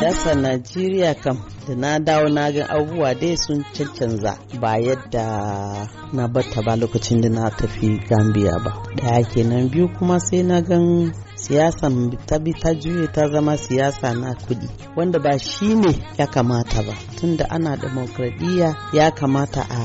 Yasa Najeriya kam da na dawo na ga abubuwa dai sun cancanza ba yadda na batta ba lokacin da na tafi Gambia ba. Daya kenan biyu kuma sai na gan siyasan ta bi ta juye ta zama siyasa na kudi wanda ba shi ne ya kamata ba tunda ana demokradiyya ya kamata a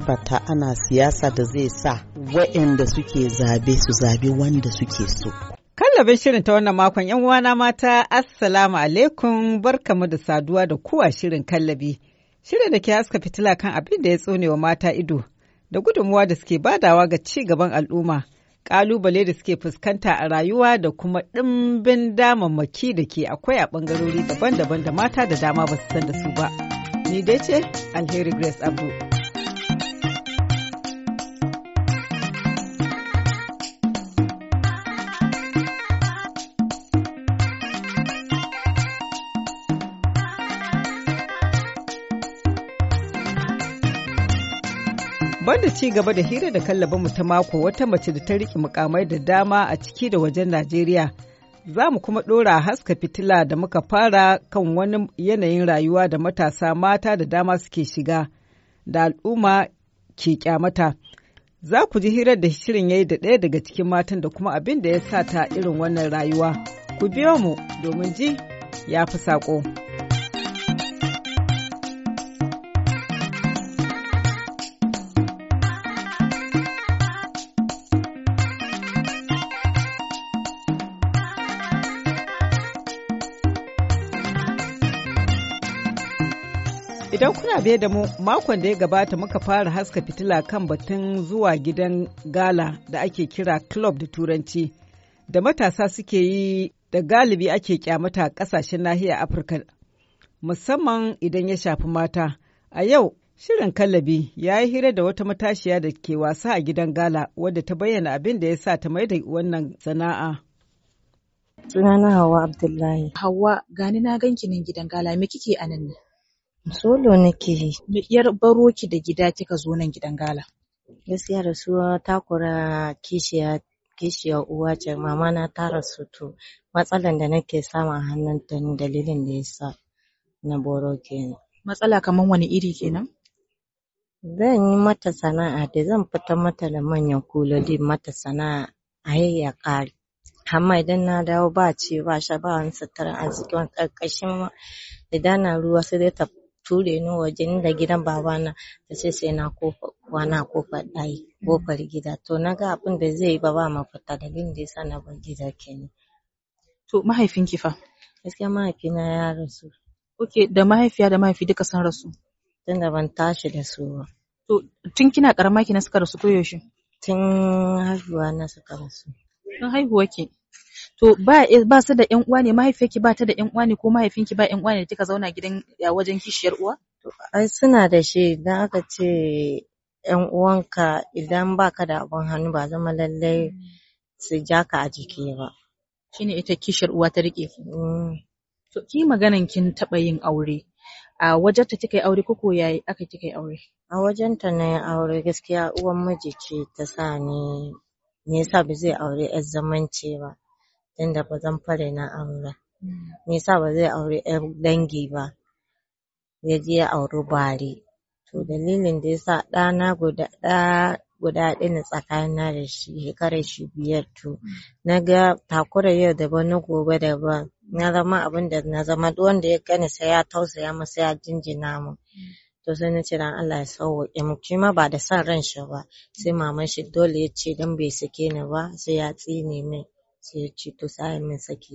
tabbata ana siyasa da zai sa waɗanda suke zabe su zabe wanda suke so. Kallabin shirin ta wannan makon ‘yan uwana mata, Assalamu alaikum, barkamu da saduwa da kowa shirin kallabi. Shirin da ke haska fitila kan abin da ya tsone wa mata ido, da gudunmuwa da suke badawa ga ci gaban al'umma, ƙalubale da suke fuskanta a rayuwa da kuma ɗimbin damammaki da ke akwai a ɓangarori daban-daban da mata da dama ba su san da su ba. Ni dai ce Alheri Grace Abdul. wanda ci gaba da hira da mu ta mako wata mace da ta riƙe mukamai da dama a ciki da wajen Najeriya. Za mu kuma ɗora haska fitila da muka fara kan wani yanayin rayuwa da matasa mata da dama suke shiga da al'umma ke kyamata. Za ku ji hirar da shirin ya yi da ɗaya daga cikin matan da kuma abin da ya sa ta irin wannan rayuwa. Ku biyo mu domin ji ya fi saƙo. abe da mu makon da ya gabata muka fara haska fitila kan batun zuwa gidan gala da ake kira club da turanci da matasa suke yi da galibi ake kyamata a kasashen nahiyar afirka musamman idan ya shafi mata a yau shirin kallabi ya yi hira da wata matashiya da ke wasa a gidan gala wadda ta bayyana abin da ya sa ta mai da wannan sana'a sunana hawa abdullahi hawa gani na ganki nan gidan gala me kike a nan ne Solo nake yi. Me baro da gida kika zo nan gidan gala? Gaskiya rasuwa takura kishiya kishiya uwa ce mama na ta rasu to matsalan da nake samu a hannunta ne dalilin da yasa na boro kenan. Matsala kamar wani iri kenan? Zan yi mata sana'a da zan fitar mata da manyan kuloli mata sana'a har ya ƙare. amma idan na dawo ba ci ba sha ba wani a arziki wani ƙarƙashin ma idan na ruwa sai dai ta ture ni waje ni da gidan babana ta ce sai na kofa a kofar ɗaki kofar gida to na ga abin da zai yi ba ba mafita dalilin da yasa na bar gida kenan to mahaifinki fa gaskiya mahaifina ya rasu ok da mahaifiya da mahaifi duka sun rasu tunda ban tashi da su ba to tun kina karama kina suka rasu ko yaushe tun haihuwa na suka rasu tun haihuwa ke to ba eh, ba su da ƴan uwa ne mahaifiyarki ba ta da ƴan uwa ne ko mahaifinki ba ƴan uwa ne kika zauna gidan a wajen kishiyar uwa ai suna da shi idan aka ce ƴan uwanka idan baka da abun hannu ba zama lallai hmm. su ja ka a jiki ba shine ita kishiyar uwa ta riƙe ki hmm. to ki maganan kin taɓa yin aure a wajenta kika yi aure ko ko aka kika yi aure a wajenta na yi aure gaskiya uwan miji ce ta sa ni me yasa ba zai aure ƴar zamanci ba tunda zan fare na aure. Mm. me yasa ba zai auri ƴar dangi ba yaje ya auri bare to dalilin da yasa ɗana guda ɗa guda ɗaya ne na da shi shekarar shi biyar to mm. ga takura yau da ba na gobe da ba. na zama abin da na zama duk wanda ya gani sai ya tausaya mu sai ya jinjina mu. Mm. to sai na ce dan Allah ya sauwaƙe min ma ba da son shi ba sai maman shi dole ya ce dan bai sake ni ba sai ya tsine min sai ya ce to sai saki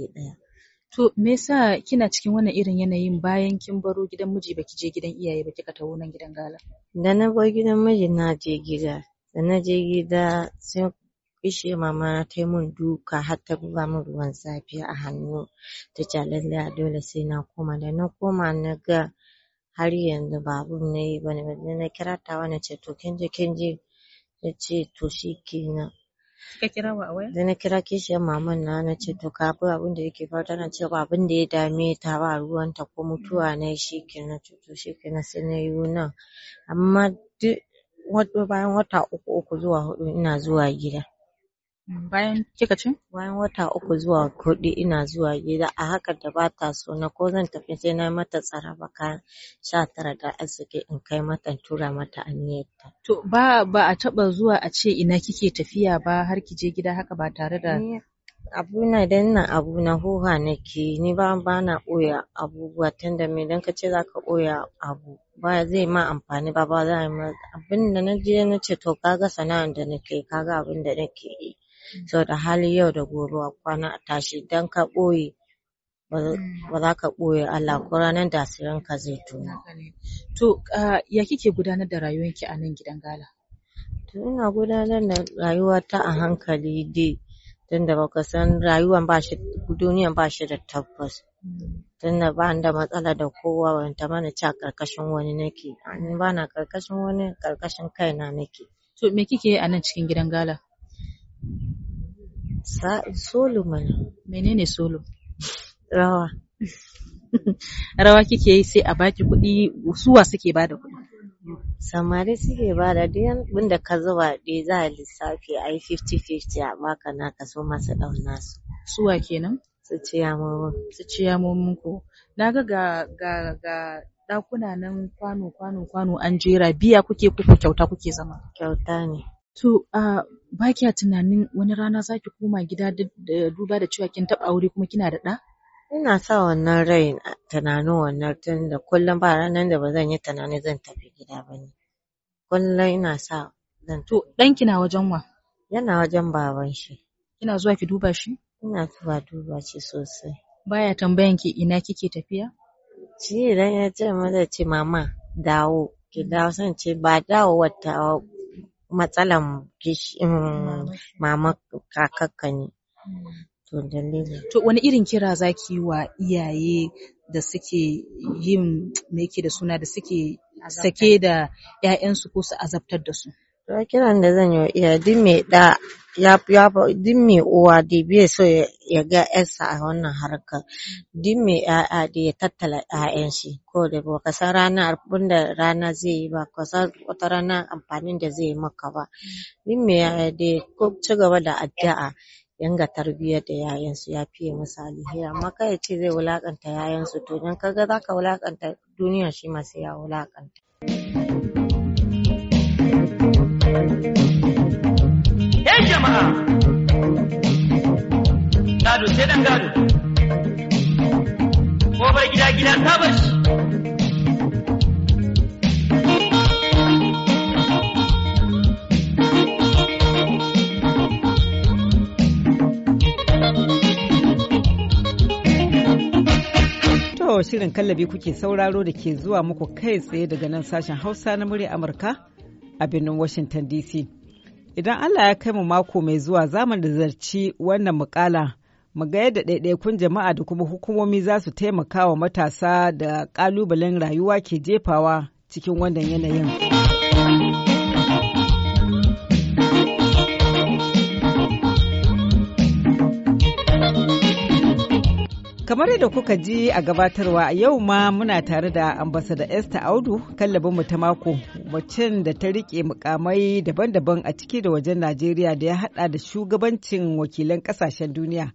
to me yasa kina cikin wannan irin yanayin bayan kin baro gidan miji baki je gidan iyaye ba kika taho nan gidan gala da na bar gidan miji na je gida da na je gida sai kishe mama na ta yi min duka har ta buga min ruwan safiya a hannu ta ce a dole sai na koma da na koma na ga har yanzu babur na yi bane na kira ta na ce to kin je kin ce to shikenan da na kira kishiyar maman na ce to ka ga da yake faruwa tana cewa da ya dame ta ba ruwan ta ko mutuwa nayi shi kenan to kenan sai na yo nan amma duk bayan wata uku uku zuwa huɗu ina zuwa gida Mm, bayan kika ci bayan wata uku zuwa huɗu ina zuwa gida a haka da bata so na ko zan tafi sai na mata ba ka sha tara da arziki in kai mata in tura mata aniyarta to ba ba a taɓa zuwa a ce ina kike tafiya ba har ki je gida haka ba tare da idan na abu na huha nake ni ba na ɓoye abubuwa tunda me dan za zaka ɓoye abu ba zai ma amfani ba ba za abinda na ce to ka ga sana'an da nake kaga da nake yi Mm. saboda halin yau da gobe a kwana a tashi dan ka ɓoye mm. ba za ka ɓoye Allah ko ranar da ka zai tuna. To ya kike gudanar da ki a nan gidan gala? To ina gudanar da ta a hankali dai tunda baka san rayuwan ba shi duniyan ba shi da tabbas. Mm. Tunda ba da matsala da kowa ban ta mana ci a ƙarƙashin wani nake in ba na ƙarƙashin wani ƙarƙashin kaina nake. To me kike yi a nan cikin gidan gala? Solo Menene Rawa. Rawa kike yi sai a baki kuɗi suwa suke bada kuɗi. Samari suke bada duk abin ka zuba ɗaya za a lissafi a yi 50-50 a baka naka su masu ɗau Suwa kenan? Su ciyamomin. Su ko. Na ga ga ga ga ɗakuna nan kwano kwano kwano an jera biya kuke ko kyauta kuke zama? Kyauta ne. To a ba kya tunanin wani rana za ki koma gida da duba da cewa kin taɓa aure kuma kina da ɗa? Ina sa wannan rai tunanin wannan tun da kullum ba ranar da ba zan yi tunanin zan tafi gida ba ne. Kullum ina sa zan To ɗanki na wajen wa? Yana wajen baban shi. Kina zuwa ki duba shi? Ina zuwa duba shi sosai. Baya tambayan ki ina kike tafiya? Shi idan ya ce min zai ce mama dawo ki dawo sai ce ba dawowar tawa matsalan um, mama kakarka ne to to wani irin kira zaki yi wa iyaye da suke yin me da suna da suke sake da 'ya'yansu ko su azabtar da su to kiran da zan yi wa iyaye duk me ɗa duk mai uwa dai bai so ya ga ‘yarsa a wannan harkar, duk mai ‘ya'ya dai ya tattala ‘ya'yan shi da ba ka san ranar abin da rana zai yi ba, ka san wata rana amfanin da zai yi maka ba. Duk mai ‘ya'ya dai ya ci gaba da addu'a yanga tarbiyyar da ‘ya'yansu ya fiye musu alheri, amma kar ya ce zai wulaƙanta ‘ya'yansu to idan ka ga za ka wulaƙanta shi ma sai ya wulaƙanta. jama'a gado sai dan gado ko bar gida gida ta bar shirin kallabi kuke sauraro da ke zuwa muku kai tsaye daga nan sashen hausa na murya amurka a birnin washington dc Idan Allah ya kai mu mako mai zuwa za mu zarci wannan mukala mu ga yadda ɗaiɗaikun jama'a da kuma hukumomi za su taimaka wa matasa da ƙalubalen rayuwa ke jefawa cikin wannan yanayin. Kamar yadda kuka ji a gabatarwa yau ma muna tare da ambasada Esther Audu mu ta mako macen da ta rike mukamai daban-daban a ciki da wajen Najeriya da ya hada da shugabancin wakilan kasashen duniya.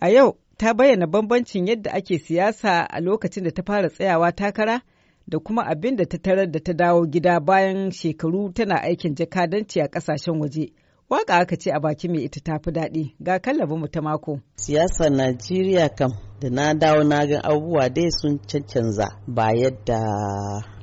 A yau ta bayyana bambancin yadda ake siyasa a lokacin da ta fara tsayawa takara da kuma abin da ta tarar da ta dawo gida bayan shekaru tana aikin jakadanci a kasashen waje. Waka aka ce a baki mai ita tafi daɗi ga kallabin mu ta mako. Siyasar Najeriya kam da na dawo na ga abubuwa dai sun cancanza ba yadda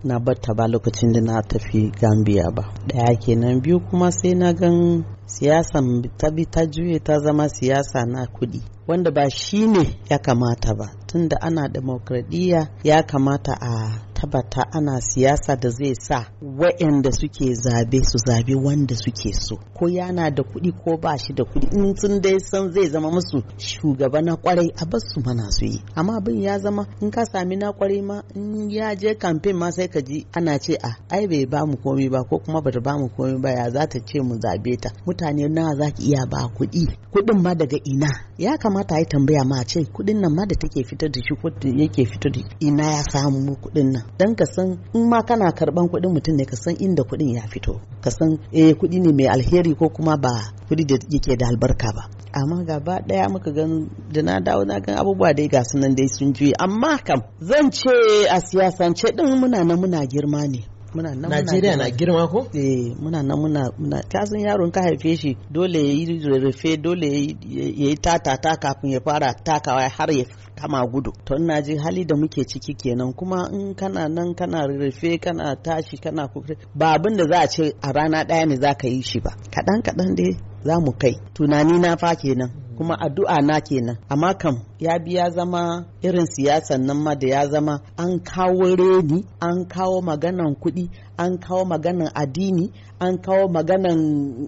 na batta ba lokacin da na tafi Gambia ba. Daya kenan biyu kuma sai na gan siyasan ta bi ta juye ta zama siyasa na kuɗi wanda ba shi ne ya kamata ba tunda ana demokradiyya ya kamata a tabbata ana siyasa da zai sa waɗanda suke zabe su zabe wanda suke so ko yana da kuɗi ko ba shi da kuɗi in sun dai san zai zama musu shugaba na kwarai a bar su mana su yi amma abin ya zama in ka sami na kwarai ma in ya je kamfen ma sai ka ji ana ce a ai bai ba mu komai ba ko kuma bata ba mu komai ba ya za ce mu zabe ta mutane na za ki iya ba kuɗi kuɗin ma daga ina ya kamata a yi tambaya ma ce kuɗin nan ma da take fita fitar da shi ko yake fitar da ina ya samu kuɗin nan dan ka san in ma kana karban kuɗin mutum ne ka san inda kuɗin ya fito ka san eh kuɗi ne mai alheri ko kuma ba kuɗi da yake da albarka ba amma gaba daya muka gan da na dawo na gan abubuwa dai ga sunan dai sun juye amma kam zan ce a siyasance din muna na muna girma ne muna nan Najeriya na girma ko? Eh muna nan muna muna ka san yaron ka haife shi dole yayi rufe dole yayi tata tatata kafin ya fara takawa har ya kama gudu to ina ji hali da muke ciki kenan kuma in kana nan kana rufe kana tashi kana kukure ba abin da za a ce a rana ɗaya ne za ka yi shi ba kaɗan kaɗan dai za mu kai tunani na fa kenan kuma addu'a na kenan amma kam ya bi ya zama irin siyasan nan ma da ya zama an kawo reni an kawo maganan kuɗi an kawo maganan addini an kawo maganan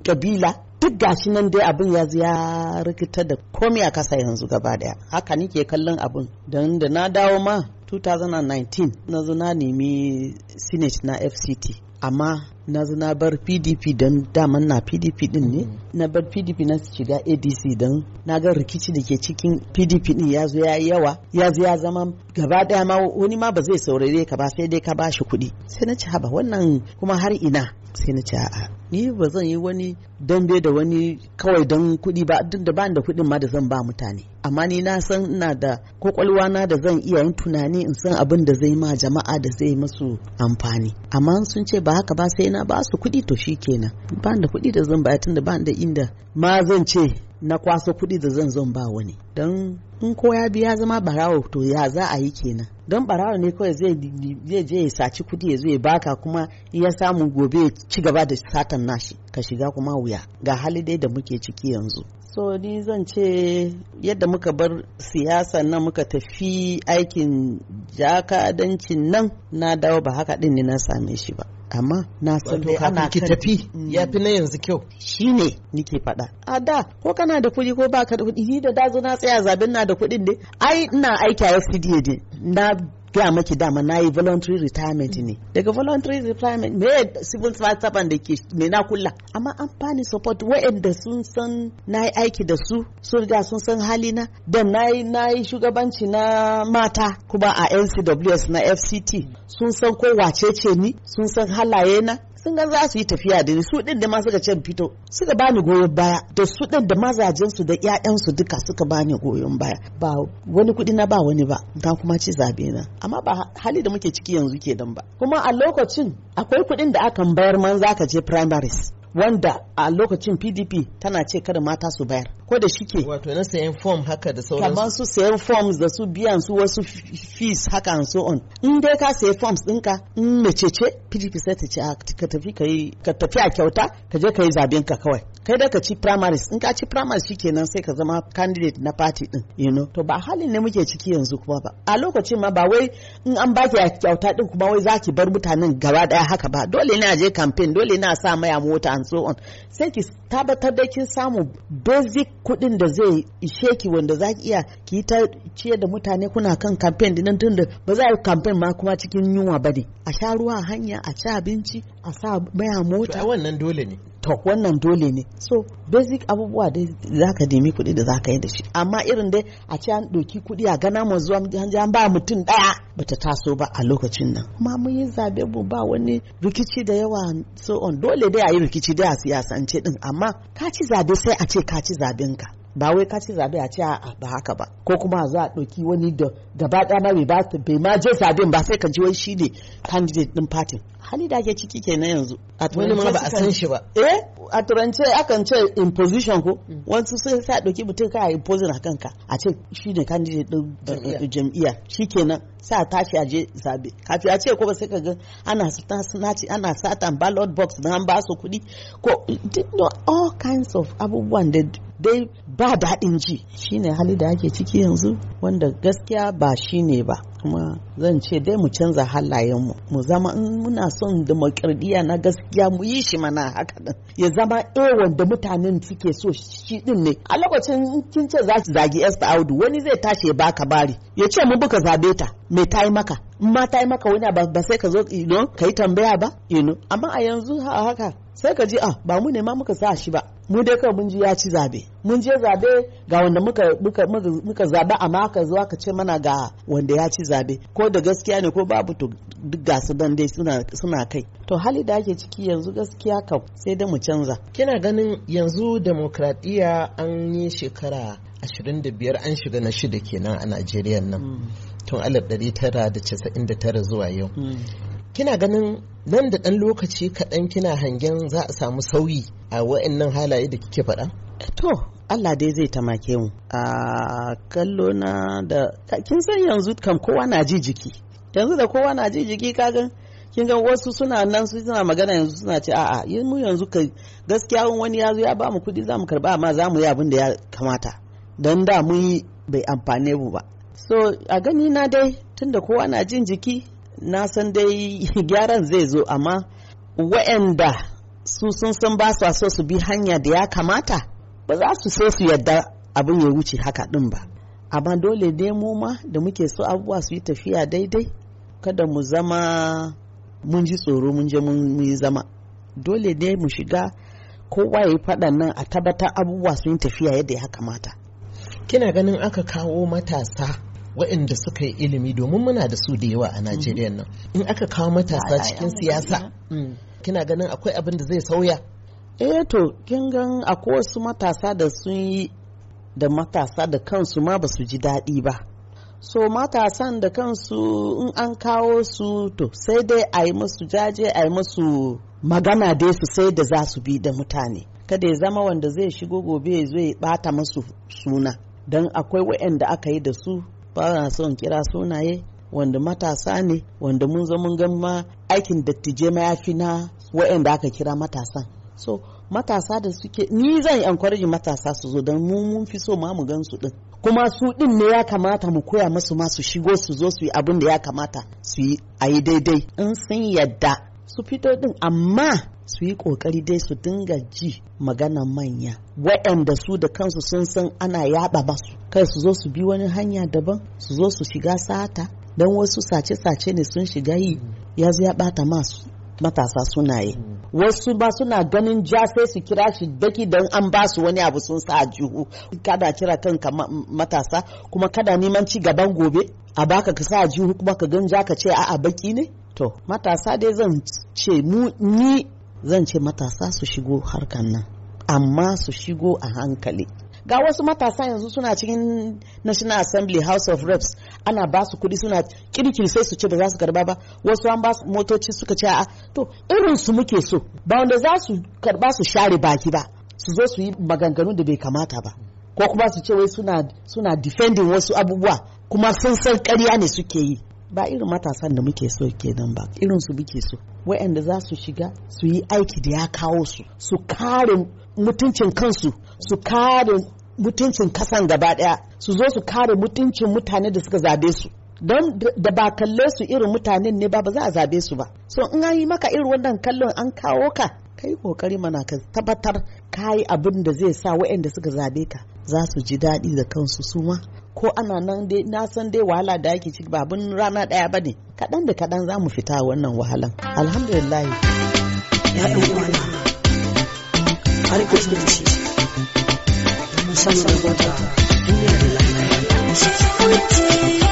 kabila duk gashi nan dai abin ya ya rikita da komai a kasa yanzu gaba daya haka nike kallon abin don da na dawo ma 2019 na zo na nemi senate na fct amma na na bar pdp don daman na pdp din ne mm. na bar pdp na shiga adc don na ga rikici da ke cikin pdp din ya zo ya yi yawa ya zo ya zama gaba daya ma wani ma ba zai saurare ka ba sai dai ka ba shi kuɗi sai na ci haba wannan kuma har ina sai na ci a'a ni ba zan yi wani dambe da wani kawai don kuɗi ba duk da bani da kuɗin ma da zan ba mutane amma ni na san ina da kwakwalwa na da zan iya yin tunani in san abin da zai ma jama'a da zai masu amfani amma sun ce ba haka ba sai na ba su kuɗi to shi kenan ba da kuɗi da zan baya tunda ba da inda ma zan ce na kwaso kuɗi da zan zan ba wani don in ko ya biya zama barawo to ya za a yi kenan don barawo ne kawai zai je ya saci kuɗi ya zo ya baka kuma ya samu gobe ya ci gaba da satan nashi ka shiga kuma wuya ga hali dai da muke ciki yanzu so ni zan ce yadda muka bar siyasa nan muka tafi aikin jakadancin nan na dawo ba haka din ne na same shi ba amma na san dai ana ki tafi mm. ya fi na yanzu kyau shine nike faɗa a da ko kana da kuɗi ko baka da kuɗi ni da dazo na tsaya zaben na da kuɗin dai ai ina aiki a dai na gaya maki dama na yi voluntary retirement ne daga voluntary retirement me civil servant da ke me na kula amma an fani support waɗanda sun san na yi aiki da su sun riga sun san halina da na yi na yi shugabanci na mata kuma a ncws na fct sun san ko wace ni sun san halaye na sun ga za su yi tafiya da ni su din da ma suka ce fito suka bani goyon baya da su din da mazajen su da ƴaƴan su duka suka bani goyon baya ba wani kuɗi na ba wani ba ta kuma ci zabe na amma ba hali da muke ciki yanzu ke kenan ba kuma a lokacin akwai kuɗin da akan bayar man zaka je primaries wanda a lokacin pdp tana ce kada mata su bayar ko da shike wato na sayan form haka da sauransu kamar su sayan forms da su biyan su wasu fees haka and so on in dai ka sayi forms ɗinka in mace ce pdp sai ta ce ah, ka tafi ka tafi a kyauta ka je ka yi zaben ka kawai kai da ka ci primaries in ka ci primaries kenan sai ka zama candidate na party din you know to ba halin ne muke ciki yanzu kuma ba a lokacin ma ba wai in an ki kyauta din kuma wai zaki bar mutanen gaba daya haka ba dole ne a je campaign dole ne a sa maya mota and so on sai ki tabbatar da kin samu basic kuɗin da zai ishe ki wanda zaki iya ki ta ciyar da mutane kuna kan campaign din tunda ba za a yi campaign ma kuma cikin yunwa ba ne a sha ruwa hanya a ci abinci a sa baya mota wannan dole ne to wannan dole ne so basic abubuwa dai zaka nemi kuɗi da zaka yi da shi amma irin dai a ce an doki kuɗi a gana mu zuwa an ba mutum ɗaya bata taso ba a lokacin nan kuma mun yi zabe mu ba wani rikici da yawa so on dole dai a yi rikici dai a siyasance din amma ka ci zabe sai a ce ka ci zaben ka ba wai ka ce zabe a ce a ba haka ba ko kuma za a ɗauki wani da gaba ɗaya ma bai ma je zaben ba sai ka ji wai shi ne candidate din party hali da ke ciki kenan yanzu a turance ba a san shi ba eh a turance akan ce imposition ko mm. wasu sai sa ɗauki mutum ka imposition a kanka a ce shi ne candidate din jam'iyya eh, eh, shikenan sai a tashi aje zabe kafin a ce ko sai ka ga ana sata sinaci ana satan ballot box na an ba su kuɗi ko all kinds of abubuwan da dai ba daɗin ji shine hali da ake ciki yanzu wanda gaskiya ba shine ba kuma zan ce dai mu canza halayenmu mu mu zama in muna son demokradiyya na gaskiya mu yi shi mana haka nan ya zama ewan eh, wanda mutanen suke so shi din ne a lokacin kin ce za ki zagi Esther Audu wani zai tashi ya baka bari ya ce mu buka zabe ta me ta yi maka in ma ta yi maka wani ba sai ka zo you ka yi tambaya ba amma a yanzu haka sai ka ji ah ba mu ne ma muka sa shi ba mu dai kawai mun ji ya ci zabe mun je zabe ga wanda muka muka muka zabe amma ka zo ka ce mana ga wanda ya ci zabe ko da gaskiya ne ko babu to duk ga su dan dai suna kai to hali da ake ciki yanzu gaskiya kam sai da mu canza kina ganin yanzu demokradiya an yi shekara 25 an shiga na shida kenan a Najeriya nan mm. tun 1999 zuwa yau mm. kina ganin nan da ɗan lokaci kaɗan kina hangen za a samu sauyi a wa'annan halaye da kike faɗa? To, Allah dai zai make mu. A kallo na da kin san yanzu kan kowa na ji jiki. Yanzu da kowa na ji jiki ka gan, kin ga wasu suna nan su suna magana yanzu suna ce a'a yin mu yanzu ka gaskiya wani ya zo ya ba mu kuɗi za mu karba amma za mu yi abin da ya kamata. Don da mun yi bai amfane mu ba. So a gani na dai tunda kowa na jin jiki na san dai gyaran zai zo amma wa'anda su sun san ba su so su bi hanya da ya kamata ba za su so su yadda abin ya wuce haka din ba amma dole ne mu ma da muke so abubuwa su yi tafiya daidai kada mu zama mun ji tsoro mun je mun yi zama dole ne mu shiga kowa ya yi faɗan nan a tabbatar abubuwa su yi tafiya yadda ya kamata kina ganin aka kawo matasa waɗanda suka yi ilimi domin muna da su da yawa a Najeriya mhm. nan in aka kawo matasa cikin siyasa mm, kina ganin akwai abin da zai sauya eh to kin gan akwai wasu matasa da sun yi da matasa da kansu ma ba su ji daɗi ba so matasan da kansu in an kawo su to sai dai a yi musu jaje a yi musu magana dai su sai da za su bi da mutane kada ya zama wanda zai shigo gobe zai bata musu suna don akwai waɗanda aka yi da su fara na son kira sunaye wanda matasa ne wanda mun zo mun ma aikin dattijai ma yafi na wa'anda aka kira matasan so matasa da suke ni zan encourage matasa su zo don mu mun fi so ma mu gan su din kuma su din ne ya kamata mu koya masu ma su shigo su zo su yi abin da ya kamata su yi a yi daidai in sun yadda su fito din amma su yi kokari dai su dinga ji maganan manya waɗanda su da kansu sun san ana ba basu kai su zo su bi wani hanya daban su zo su shiga sata don wasu sace-sace ne sun shiga yi ya zo ya bata masu matasa sunaye. wasu ba suna ganin ja sai su kira shi daki don an ba su wani abu sun sa juhu kada kira kanka matasa kuma kada neman ci gaban gobe a baka ka sa juhu kuma ka ganja ja ka ce a'a baki ne to matasa dai zan ce mu ni zan ce matasa su shigo harkan nan amma su shigo a hankali ga wasu matasa yanzu suna cikin national assembly house of reps ana ba su kudi suna kirkir sai su ce ba za su karba ba wasu an ba su motoci suka ce a to irin su muke so ba wanda za su karba su share baki ba su zo su yi maganganu da bai kamata ba ko kuma su ce wai suna suna defending wasu abubuwa kuma sun san ƙarya ne suke yi ba irin matasan da muke so kenan ba irin su muke so waɗanda za su shiga su yi aiki da ya kawo su su kare mutuncin kansu su kare mutuncin kasan gaba daya su zo su kare mutuncin mutane da suka zabe su don da ba kalle su irin mutanen ne ba ba za a zabe su ba so in an yi maka irin wannan kallon an kawo ka kai kokari mana ka tabbatar ka yi abin da zai sa wayanda suka zabe ka za su ji daɗi da kansu su ma ko ana nan dai na san dai wahala da ake ciki babun rana daya bane kadan da kadan za mu fita wannan wahalan alhamdulillah ya ɗan uwana har duniya da lafiya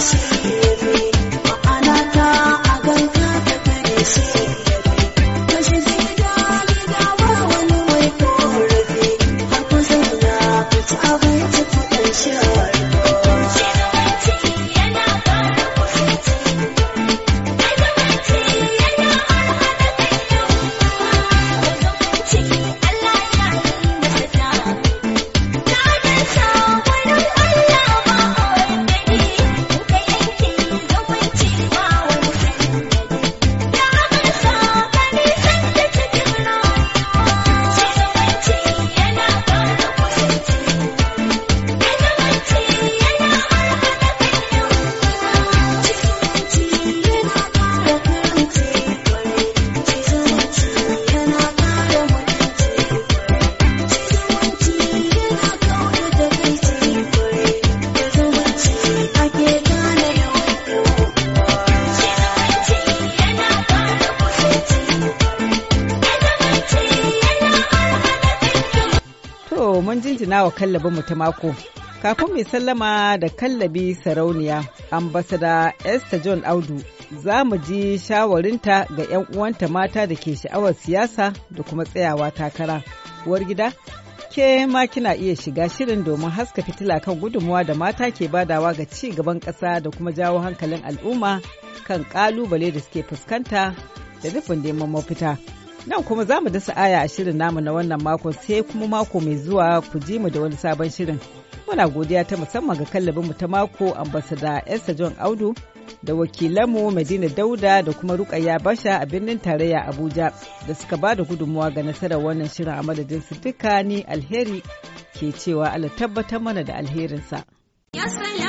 promises. kallabin mu ta mako. Kafin mai sallama da kallabi sarauniya, ambasada Esther John Audu za mu ji shawarinta ga 'yan uwanta mata da ke sha'awar siyasa da kuma tsayawa takara. Uwar gida, ke ma kina iya shiga shirin domin haska fitila kan gudunmuwa da mata ke badawa ga ci gaban ƙasa da kuma jawo hankalin al'umma kan ƙalubale da suke fuskanta da nufin neman mafita. Nan kuma za mu dasa aya a shirin namu na wannan makon sai kuma mako mai zuwa ku ji mu da wani sabon shirin. Muna godiya ta musamman ga kallabinmu ta mako ambasada Esther John Audu da wakilanmu Madina Dauda da kuma Rukayya Basha a birnin tarayya Abuja da suka ba da gudunmuwa ga nasarar wannan shirin a madadin su duka ni alheri ke cewa Allah tabbatar mana da alherinsa. Yes,